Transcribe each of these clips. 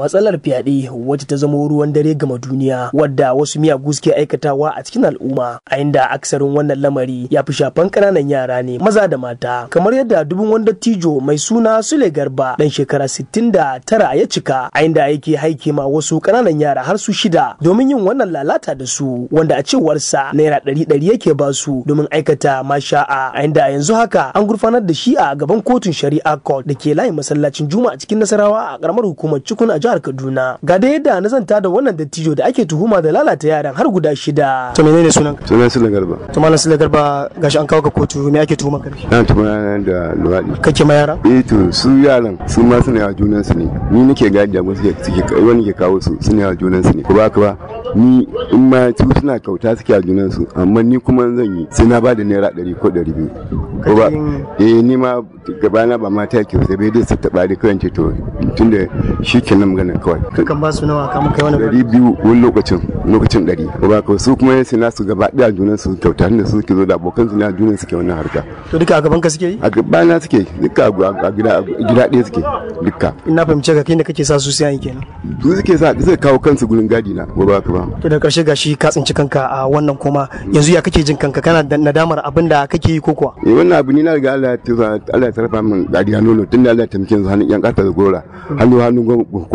matsalar fyaɗe wacce ta zama ruwan dare gama duniya wadda wasu miyagu suke aikatawa a cikin al'umma a inda aksarin wannan lamari ya fi shafan ƙananan yara ne maza da mata kamar yadda dubin wanda tijo mai suna sule garba dan shekara sittin da tara ya cika a inda yake haike ma wasu ƙananan yara har su shida domin yin wannan lalata da su wanda a cewarsa naira ɗari ɗari yake ba su domin aikata masha'a a inda yanzu haka an gurfanar da shi a gaban kotun shari'a court da ke layin masallacin juma'a cikin nasarawa a ƙaramar hukumar cikun a jihar Kaduna. Ga da yadda na zanta da wannan dattijo da ake tuhuma da lalata yaran har guda shida. To menene sunan? Sunan Sule Garba. To malam Sule Garba gashi an kawo ka kotu me ake tuhuma ka? Na tuhuma nan da luwadi. Kake ma yara? Eh to su yaran su ma suna yawa junan su ne. Ni nake gadi da wasu suke wani ke kawo su suna yawa junan su ne. Ku ba ka ba ni in ma su suna kauta suke a junan su amma ni kuma zan yi sai na ba da naira ɗari ko ɗari biyu. eh ni ma gabana ba ma ta ke sai bai da su taɓa da kawai to tunda shi kenan magana kawai kan ba su nawa kamun kai wani dari biyu wani lokacin lokacin dari ba ka su kuma sai nasu gaba daya junan su kyauta da su suke zo da abokan su na junan suke wannan harka to duka a gaban ka suke yi a gaban na suke duka a gida gida ɗaya suke duka ina fahimce ka kai ne kake sa su sai an kenan su suke sa su kawo kansu gurin gadi na ba ka ba to da karshe gashi ka tsinci kanka a wannan kuma yanzu ya kake jin kanka kana nadamar abin da kake yi ko kuwa eh wannan abu ni na riga Allah ya Allah ya tsara min gadi na nono tunda Allah ya tamke yanzu hannun yan karta da gora hannu hannun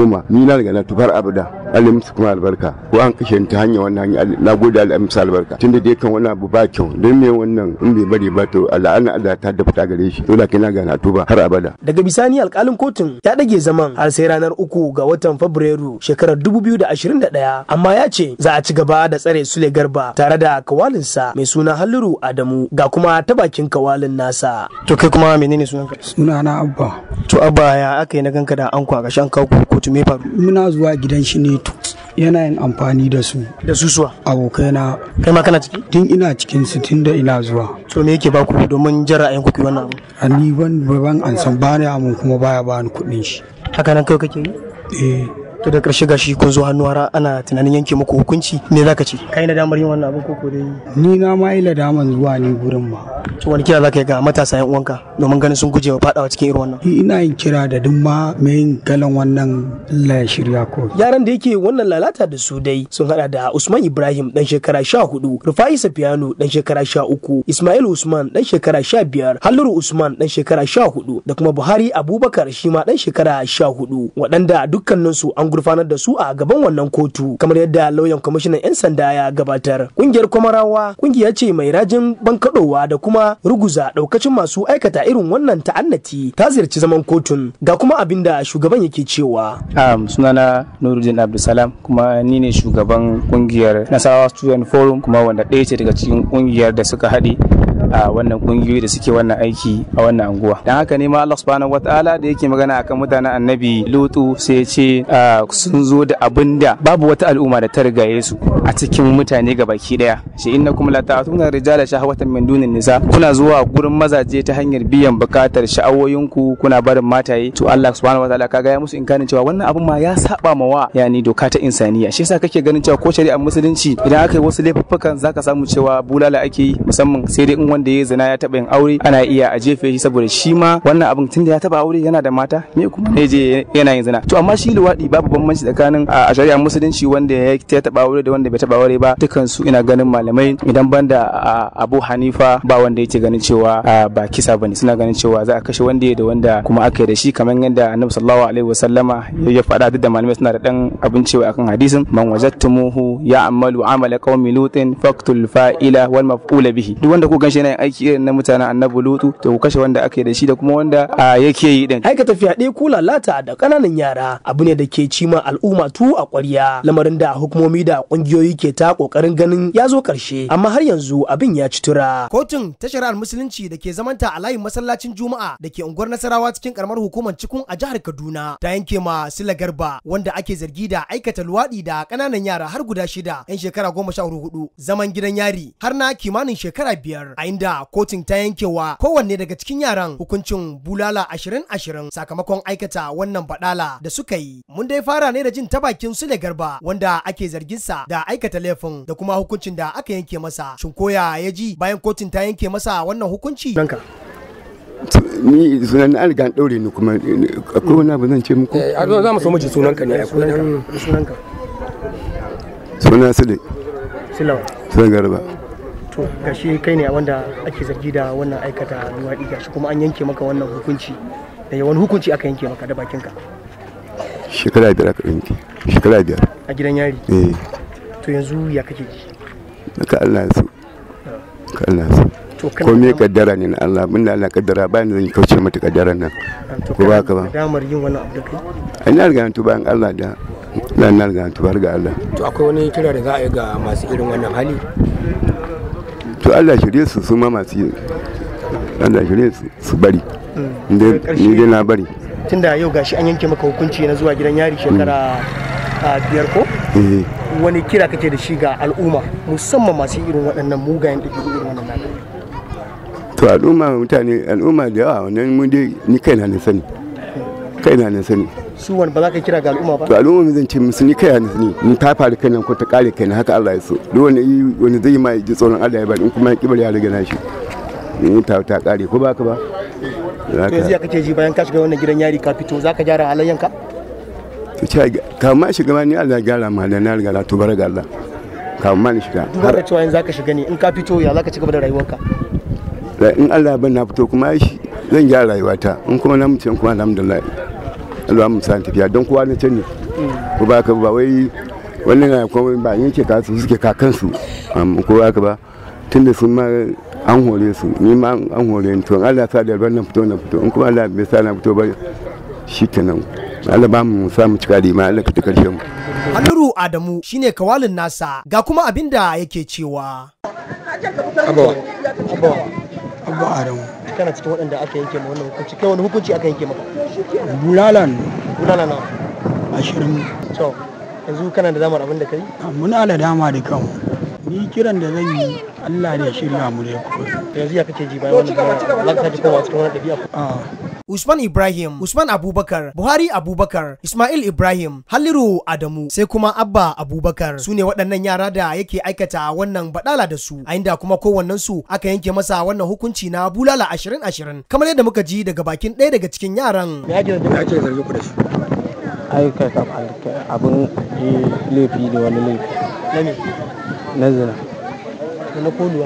goma ni na daga na tufar abada Allah musu kuma albarka ko an kashe ta hanya wannan hanya na gode Allah musu albarka tunda dai kan wannan abu ba kyau don me wannan in bai bari ba to la'ana Allah ta dafta gare shi dole kai na ga na tuba har abada daga bisani alkalin kotun ya dage zaman har sai ranar uku ga watan Fabrairu shekarar 2021 amma ya ce za a ci gaba da tsare Sule Garba tare da kawalinsa mai suna Halliru Adamu ga kuma ta bakin kawalin nasa to kai kuma menene sunanka sunana Abba to Abba ya aka yi na ganka da an kwa a shan kawo kotu me faru muna zuwa gidan shi ne to yana yin amfani da su da su suwa abokaina kai ma kana ciki tun ina cikin su tun da ina zuwa to me yake baku domin jin ra'ayin ku wannan abu a ban ban an san ne amin kuma baya bani kuɗin shi haka nan kai kake yi eh to da karshe gashi kun zo hannu har ana tunanin yanke muku hukunci ne zaka ce kai na damar yin wannan abin ko ko dai ni na ma ila daman zuwa ne gurin ma to wani kira zaka yi ga matasa yan uwanka domin ganin sun gujewa fadawa cikin irin wannan ina yin kira da duk ma mai galan wannan Allah ya shirya ko yaran da yake wannan lalata da su dai sun hada da Usman Ibrahim dan shekara 14 Rufai Safiyanu dan shekara 13 Ismail Usman dan shekara 15 Halluru Usman dan shekara 14 da kuma Buhari Abubakar shima dan shekara 14 waɗanda su an gurfanar da su a gaban wannan kotu kamar yadda lauyan kwamishinan 'yan sanda ya gabatar kungiyar kwamarawa kungiya ce mai rajin bankadowa da kuma ruguza ɗaukacin masu aikata irin wannan ta'annati ta ziyarci zaman kotun ga kuma abin da shugaban yake cewa um, sunana nuruddin abdulsalam kuma ni ne shugaban kungiyar nasarawa student forum kuma wanda ɗaya ce daga cikin kungiyar da suka haɗe a wannan kungiyoyi da suke wannan aiki a wannan anguwa dan haka ne ma Allah subhanahu wataala da yake magana akan mutanen annabi lutu sai ya ce sun zo da abin da babu wata al'umma da ta rigaye su a cikin mutane ga baki daya shi kum la ta'tuna rijala shahwatan min dunin nisa kuna zuwa gurin mazaje ta hanyar biyan bukatar sha'awoyinku kuna barin mataye to Allah subhanahu wataala kaga ya musu inkarin cewa wannan abin ma ya saba ma wa yani doka ta insaniya shi yasa kake ganin cewa ko shari'ar musulunci idan aka yi wasu laifuffukan zaka samu cewa bulala ake yi musamman sai dai in wanda ya zina ya taɓa yin aure ana iya a jefe shi saboda shi ma wannan abin tunda ya taɓa aure yana da mata me kuma ne je yana yin zina to amma shi luwaɗi babu bambanci tsakanin a shari'a musulunci wanda ya taɓa aure da wanda bai taɓa aure ba dukkan su ina ganin malamai idan banda Abu Hanifa ba wanda yake ganin cewa ba kisa bane suna ganin cewa za a kashe wanda da wanda kuma aka yi da shi kamar yadda Annabi sallallahu alaihi wasallama ya faɗa duk da malamai suna da dan abin cewa akan hadisin man wajattumuhu ya'malu amala qaumi lutin faqtul fa'ila wal maf'ula bihi duk wanda ku ganshi yana aiki irin na mutanen annabi lutu to ku kashe wanda ake da shi da kuma wanda a yake yi din aikata fyaɗe ko lalata da ƙananan yara abu ne da ke cima al'umma tu a ƙwarya lamarin da hukumomi da ƙungiyoyi ke ta ƙoƙarin ganin ya zo ƙarshe amma har yanzu abin ya ci tura kotun ta shari'ar musulunci da ke zamanta a layin masallacin juma'a da ke unguwar nasarawa cikin karamar hukumar cikun a jihar kaduna ta yanke ma sila garba wanda ake zargi da aikata luwaɗi da ƙananan yara har guda shida 'yan shekara goma sha hudu zaman gidan yari har na kimanin shekara biyar a inda kotun ta yankewa kowanne daga cikin yaran hukuncin bulala ashirin ashirin sakamakon aikata wannan badala da suka yi mun dai fara ne da jin ta bakin sule garba wanda ake zargin sa da aikata laifin da kuma hukuncin da aka yanke masa shin koya ya ji bayan kotun ta yanke masa wannan hukunci ni sunan na alga daure ni kuma akwai wani abu zan ce muku eh, a zo za mu so miji sunanka ne a sunanka sunanka suna sule sule garba to gashi kai ne wanda ake zargi da wannan aikata luwaɗi shi kuma an yanke maka wannan hukunci da yawan hukunci aka yanke maka da bakinka shekara biyar aka yanke shekara biyar a gidan yari eh to yanzu ya kake ji ka Allah su ka Allah su ko me kaddara ne na Allah mun da Allah kaddara ba ni zan kauce mata kaddaran nan ah, ko ba ka ba damar yin wannan abu da kai ina riga to bayan Allah da ina na riga to har ga Allah to akwai wani kira da za a yi ga masu irin wannan hali to Allah shirye su su ma masu Allah shirye su bari mm. ni dai na bari tun da yau gashi an yanke maka hukunci na zuwa gidan yari shekara mm. biyar ko eh. wani kira kake da shi ga al'umma musamman masu irin waɗannan mugayen da irin waɗannan nana to al'umma mutane al'umma da yawa wannan mu dai ni kaina na sani kai na sani su wani ba za ka kira ga al'umma ba to al'umma mai zan ce musu ni kai na sani ni ta faru kai nan ko ta kare kai na haka Allah ya so duk wani wani zai ma ji tsoron Allah ya bari in kuma ya kibar ya riga shi in ta ta kare ko baka ba to zai ya kace ji bayan ka shiga wannan gidan yari ka fito za ka gyara ka to ce ma shiga ma ni Allah ya gyara ma da na riga na to ga Allah kama ni shiga duk da cewa in za ka shiga ne in ka fito ya za ka ci gaba da rayuwarka in Allah ya ban na fito kuma zan gyara rayuwata in kuma na mutum kuma alhamdulillah Allah mu san tafiya don kowa na can ko ba ka ba wai wannan ga kuma ba ke ka su suke kakan su ko ba ka ba tunda sun ma an hore su ni ma an hore ni to Allah sa da ban fito na fito in kuma Allah bai sa na fito ba shi shikenan Allah ba mu mu cika da imani Allah ka ta karshe mu Aluru Adamu shine kawalin nasa ga kuma abinda yake cewa Abawa Abawa Abawa Adamu kana cikin waɗanda aka yanke ma wannan hukunci kai wani hukunci aka yanke maka bulalan bulalan na ashirin to yanzu kana da damar abin da kai ah, muna da dama da kanmu ni kiran da zan yi Allah ya shirya mu da ya yanzu ya kake ji bayan wannan za ka sake komawa cikin wani ɗabi'a Usman Ibrahim, Usman Abubakar, Buhari Abubakar, Ismail Ibrahim, Halliru Adamu, sai kuma Abba Abubakar. Su ne waɗannan yara da yake aikata wannan badala da su, a inda kuma kowannen su aka yanke masa wannan hukunci na bulala ashirin ashirin. Kamar yadda muka ji daga bakin ɗaya daga cikin yaran. Ya ce zargi Aikata abin laifi da wani laifi. Na ne? Na zina. Na ko ne?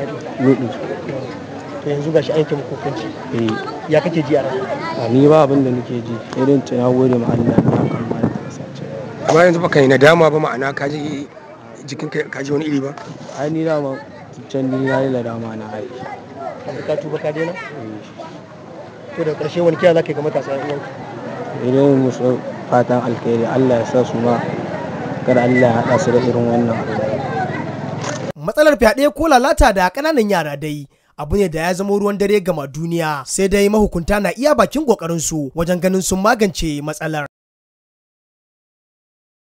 To yanzu gashi an yanke hukunci. Eh. ya kake ji a ranka ni ba abin da nake ji irin ta ya gode ma'ana na ya kamar da kasance amma yanzu baka yi nadama ba ma'ana ka ji jikin ka ji wani iri ba ai ni dama can ni na yi dama na ai ka tuba ka dena? Eh. to da karshe wani kiyar zaka yi ga matasa yan uwanka irin musu fatan alkhairi Allah ya sa su ma kada Allah ya hada su da irin wannan matsalar fyaɗe ko lalata da ƙananan yara dai abu ne da ya zama ruwan dare gama duniya sai dai mahukunta na iya bakin kokarin su wajen ganin sun magance matsalar